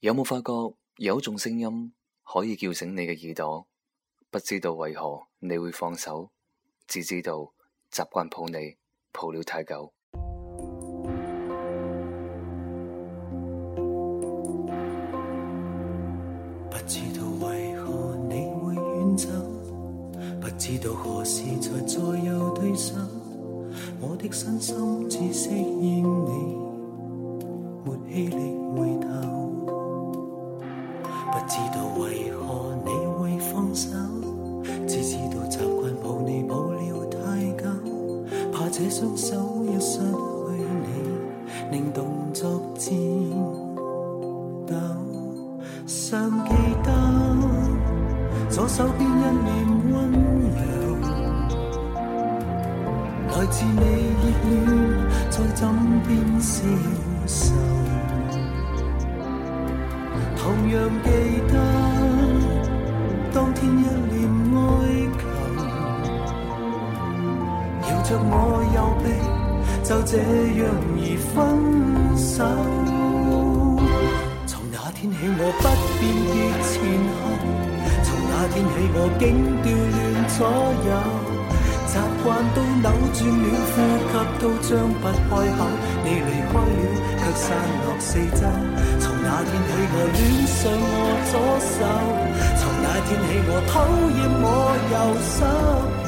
有冇發覺有一種聲音可以叫醒你嘅耳朵？不知道為何你會放手，只知道習慣抱你抱了太久 。不知道為何你會遠走，不知道何時才再，再有對手。我的身心只適應你，沒氣力。這雙手要失去你，令動作顫抖，尚記得左手邊一臉温柔，來自你熱暖在枕邊消受，同樣的，這樣而分手，從那天起我不辨別前後，從那天起我竟調亂左右，習慣都扭轉了，呼吸都張不開口。你離開了，卻散落四周。從那天起我戀上我左手，從那天起我討厭我右手。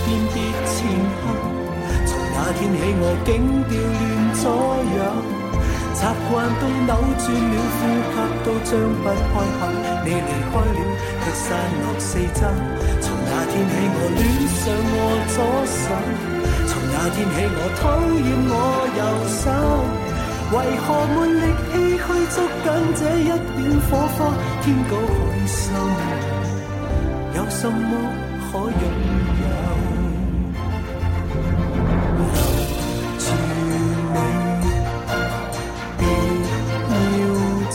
分別前後，從那天起我竟調亂左右，習慣都扭轉了，呼吸都張不開口。你離開了，卻散落四周。從那天起我戀上我左手，從那天起我討厭我右手。為何沒力氣去捉，捉緊這一點火花？天高海深，有什麼可擁有？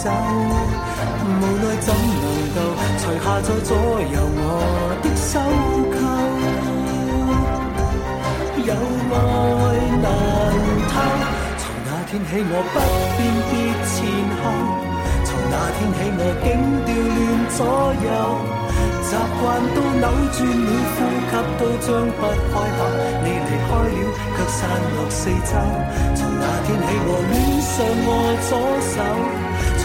無奈怎能夠除下再左右我的手扣，有愛難偷。從那天起我不辨別前後，從那天起我竟調亂左右，習慣都扭轉了，呼吸都張不開口。你離開了，卻散落四周。從那天起我戀上我左手。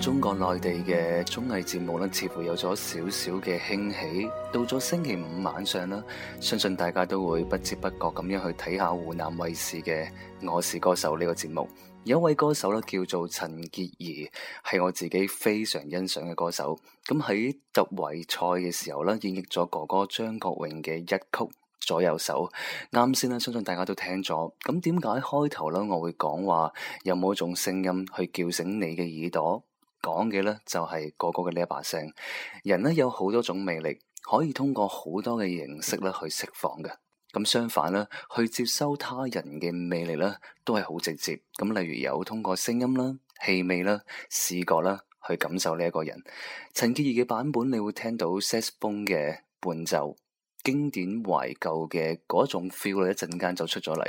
中國內地嘅綜藝節目咧，似乎有咗少少嘅興起。到咗星期五晚上咧，相信大家都會不知不覺咁樣去睇下湖南衛視嘅《我是歌手》呢個節目。有一位歌手咧，叫做陳潔儀，係我自己非常欣賞嘅歌手。咁喺特圍賽嘅時候咧，演繹咗哥哥張國榮嘅一曲《左右手》。啱先咧，相信大家都聽咗。咁點解開頭咧，我會講話有冇一種聲音去叫醒你嘅耳朵？講嘅咧就係個個嘅呢一把聲，人咧有好多種魅力，可以通過好多嘅形式咧去釋放嘅。咁相反咧，去接收他人嘅魅力咧，都係好直接。咁例如有通過聲音啦、氣味啦、視覺啦去感受呢一個人。陳潔儀嘅版本你會聽到 saxophone 嘅伴奏。經典懷舊嘅嗰種 feel 咧，一陣間就出咗嚟。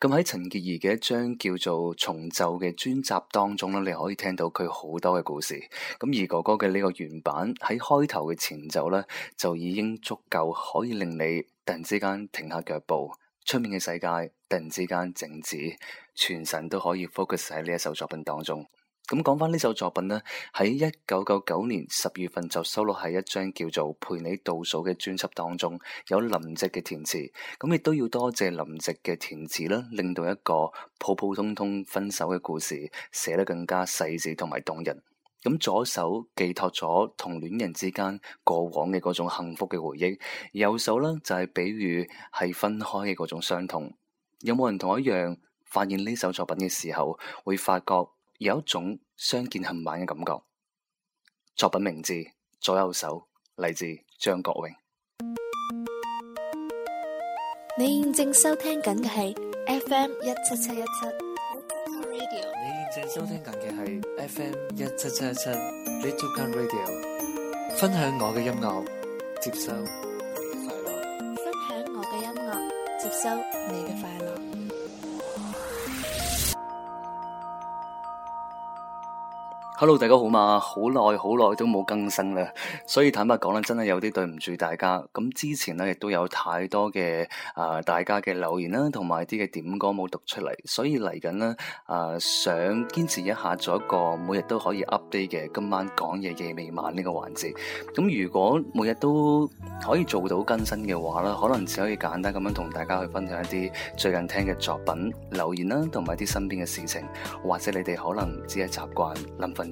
咁喺陳潔儀嘅一張叫做《重奏》嘅專輯當中咧，你可以聽到佢好多嘅故事。咁而哥哥嘅呢個原版喺開頭嘅前奏咧，就已經足夠可以令你突然之間停下腳步，出面嘅世界突然之間靜止，全神都可以 focus 喺呢一首作品當中。咁講翻呢首作品呢，喺一九九九年十月份就收錄喺一張叫做《陪你倒數》嘅專輯當中，有林夕嘅填詞。咁亦都要多謝林夕嘅填詞啦，令到一個普普通通分手嘅故事寫得更加細緻同埋動人。咁左手寄託咗同戀人之間過往嘅嗰種幸福嘅回憶，右手呢就係比喻係分開嘅嗰種傷痛。有冇人同我一樣發現呢首作品嘅時候，會發覺？有一種相見恨晚嘅感覺。作品名字《左右手》，嚟自張國榮。你現正收聽緊嘅係 FM 一七七一七。你現正收聽緊嘅係 FM 一七七一七 Little Radio。分享我嘅音樂，接收快樂。分享我嘅音樂，接收你嘅快樂。Hello，大家好嘛，好耐好耐都冇更新啦，所以坦白講咧，真係有啲對唔住大家。咁之前咧亦都有太多嘅啊、呃，大家嘅留言啦、啊，同埋啲嘅點歌冇讀出嚟，所以嚟緊咧啊，想堅持一下做一個每日都可以 update 嘅今晚講嘢夜未晚呢個環節。咁如果每日都可以做到更新嘅話咧，可能只可以簡單咁樣同大家去分享一啲最近聽嘅作品、留言啦、啊，同埋啲身邊嘅事情，或者你哋可能只係習慣臨瞓。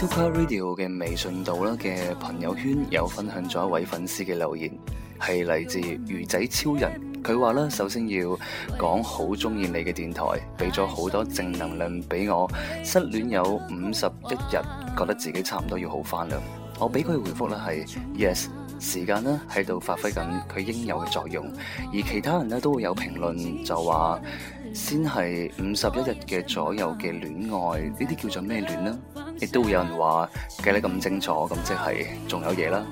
Super Radio 嘅微信度啦嘅朋友圈有分享咗一位粉絲嘅留言，係嚟自魚仔超人。佢話咧，首先要講好中意你嘅電台，俾咗好多正能量俾我。失戀有五十一日，覺得自己差唔多要好翻啦。我俾佢回覆咧係 yes，時間咧喺度發揮緊佢應有嘅作用。而其他人咧都會有評論，就話先係五十一日嘅左右嘅戀愛，呢啲叫做咩戀咧？亦都會有人話記得咁清楚，咁即係仲有嘢啦。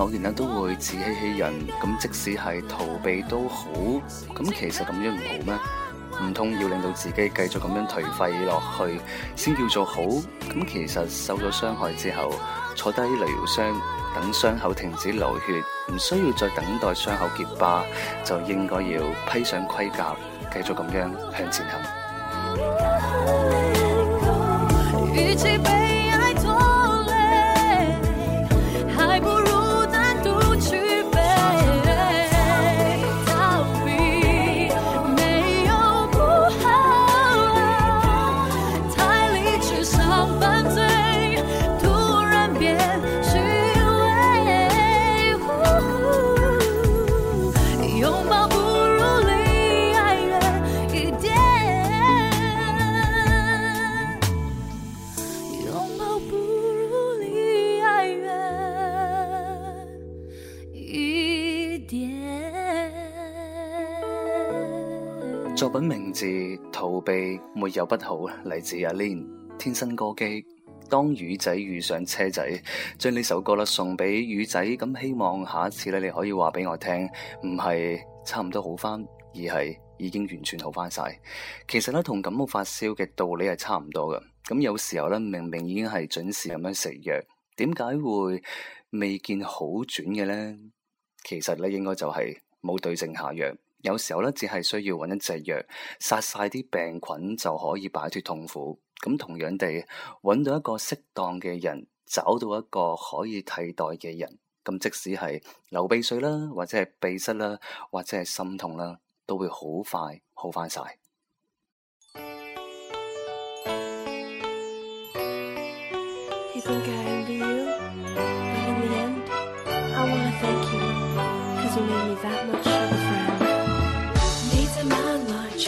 偶然咧都會自欺欺人，咁即使係逃避都好，咁其實咁樣唔好咩？唔通要令到自己繼續咁樣頹廢落去，先叫做好？咁其實受咗傷害之後，坐低療傷，等傷口停止流血，唔需要再等待傷口結疤，就應該要披上盔甲，繼續咁樣向前行。 作品名字，逃避沒有不好，嚟自阿 Lin，天生歌姬。當魚仔遇上車仔，將呢首歌啦送畀魚仔，咁希望下一次呢，你可以話畀我聽，唔係差唔多好翻，而係已經完全好翻晒。其實呢，同感冒發燒嘅道理係差唔多嘅。咁有時候呢，明明已經係準時咁樣食藥，點解會未見好轉嘅呢？其實呢，應該就係冇對症下藥。有時候咧，只係需要揾一隻藥，殺晒啲病菌就可以擺脫痛苦。咁同樣地，揾到一個適當嘅人，找到一個可以替代嘅人，咁即使係流鼻水啦，或者係鼻塞啦，或者係心痛啦，都會好快好翻晒。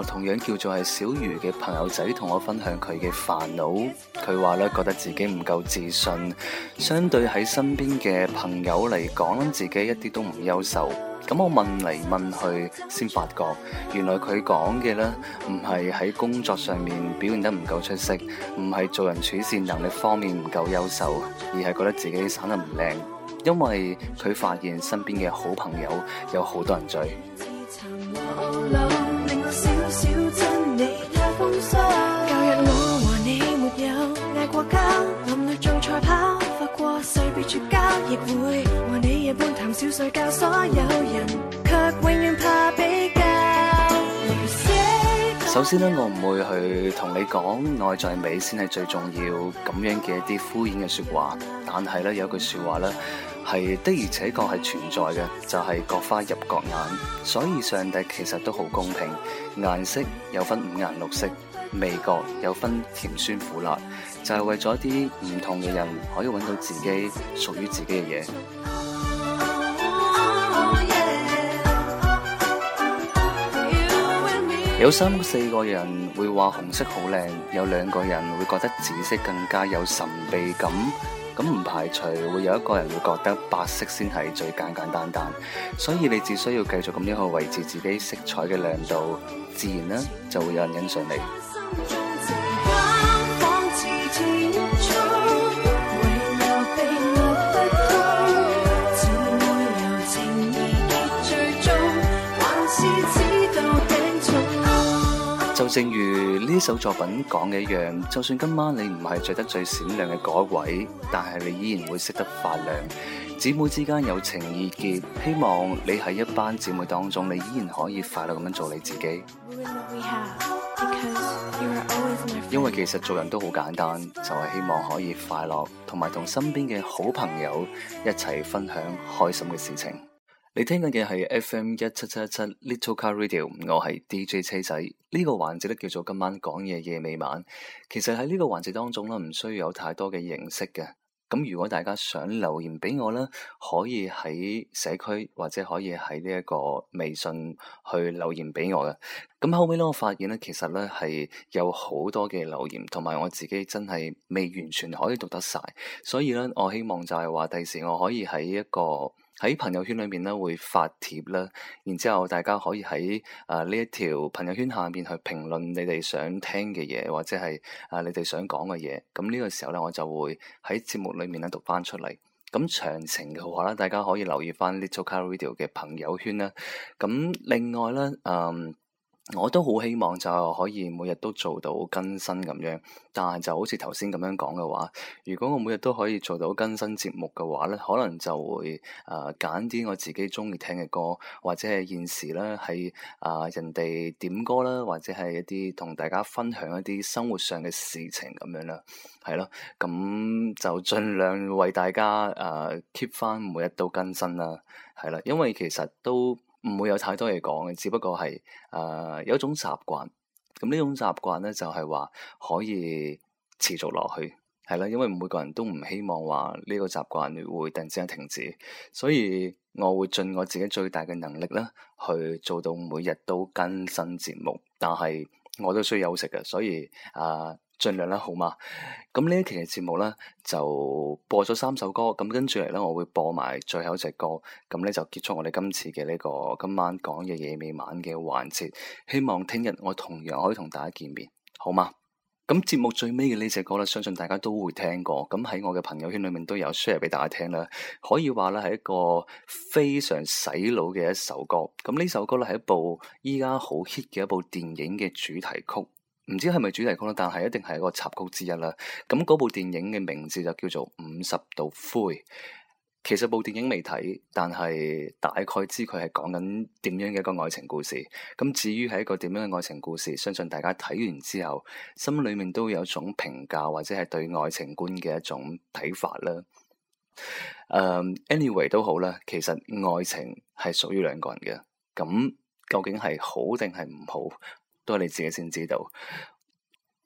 我同樣叫做係小瑜嘅朋友仔，同我分享佢嘅煩惱。佢話咧，覺得自己唔夠自信，相對喺身邊嘅朋友嚟講，自己一啲都唔優秀。咁我問嚟問去，先發覺原來佢講嘅呢，唔係喺工作上面表現得唔夠出色，唔係做人處事能力方面唔夠優秀，而係覺得自己生得唔靚。因為佢發現身邊嘅好朋友有好多人追。嗯。首先咧，我唔會去同你講內在美先係最重要咁樣嘅一啲敷衍嘅說話。但係咧，有句說話咧係的而且確係存在嘅，就係各花入各眼。所以上帝其實都好公平，顏色有分五顏六色。味覺有分甜酸苦辣，就係為咗啲唔同嘅人可以揾到自己屬於自己嘅嘢。 有三、四個人會話紅色好靚，有兩個人會覺得紫色更加有神秘感。咁唔排除會有一個人會覺得白色先係最簡簡單單。所以你只需要繼續咁樣去維持自己色彩嘅亮度，自然啦就會有人欣賞你。就正如呢首作品講嘅樣，就算今晚你唔係着得最閃亮嘅嗰位，但係你依然會識得發亮。姊妹之間有情意結，希望你喺一班姊妹當中，你依然可以快樂咁樣做你自己。因為其實做人都好簡單，就係、是、希望可以快樂，同埋同身邊嘅好朋友一齊分享開心嘅事情。你聽緊嘅係 FM 一七七七 Little Car Radio，我係 DJ 車仔。呢、這個環節咧叫做今晚講嘢夜未晚。其實喺呢個環節當中咧，唔需要有太多嘅形式嘅。咁如果大家想留言畀我咧，可以喺社區或者可以喺呢一個微信去留言畀我嘅。咁後尾咧，我發現咧，其實咧係有好多嘅留言，同埋我自己真係未完全可以讀得晒，所以咧，我希望就係話，第時我可以喺一個。喺朋友圈裏面咧會發帖啦。然之後大家可以喺啊呢一條朋友圈下面去評論你哋想聽嘅嘢，或者係啊、呃、你哋想講嘅嘢。咁呢個時候咧，我就會喺節目裏面咧讀翻出嚟。咁詳情嘅話咧，大家可以留意翻 Little Car Radio 嘅朋友圈啦。咁另外咧，嗯。我都好希望就可以每日都做到更新咁樣，但係就好似頭先咁樣講嘅話，如果我每日都可以做到更新節目嘅話咧，可能就會誒揀啲我自己鍾意聽嘅歌，或者係現時咧係啊人哋點歌啦，或者係一啲同大家分享一啲生活上嘅事情咁樣啦，係咯，咁就盡量為大家誒 keep 翻每日都更新啦，係啦，因為其實都。唔會有太多嘢講嘅，只不過係誒、呃、有一種習慣，咁呢種習慣咧就係話可以持續落去，係啦，因為每個人都唔希望話呢個習慣會突然之間停止，所以我會盡我自己最大嘅能力咧去做到每日都更新節目，但係我都需要休息嘅，所以啊。呃盡量啦，好嘛？咁呢一期嘅節目咧，就播咗三首歌，咁跟住嚟咧，我會播埋最後一隻歌，咁咧就結束我哋今次嘅呢個今晚講嘅夜未晚嘅環節。希望聽日我同樣可以同大家見面，好嘛？咁節目最尾嘅呢隻歌咧，相信大家都會聽過，咁喺我嘅朋友圈裏面都有 share 俾大家聽啦。可以話咧係一個非常洗腦嘅一首歌，咁呢首歌咧係一部依家好 hit 嘅一部電影嘅主題曲。唔知係咪主題曲啦，但係一定係一個插曲之一啦。咁嗰部電影嘅名字就叫做《五十度灰》。其實部電影未睇，但係大概知佢係講緊點樣嘅一個愛情故事。咁至於係一個點樣嘅愛情故事，相信大家睇完之後，心裏面都有種評價或者係對愛情觀嘅一種睇法啦。誒，anyway 都好啦，其實愛情係屬於兩個人嘅。咁究竟係好定係唔好？都係你自己先知道。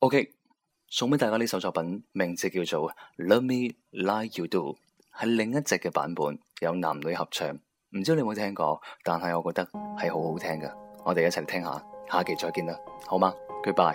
OK，送俾大家呢首作品，名字叫做《Love Me Like You Do》，係另一隻嘅版本，有男女合唱。唔知你有冇聽過，但係我覺得係好好聽噶。我哋一齊聽下，下期再見啦，好嗎？Goodbye。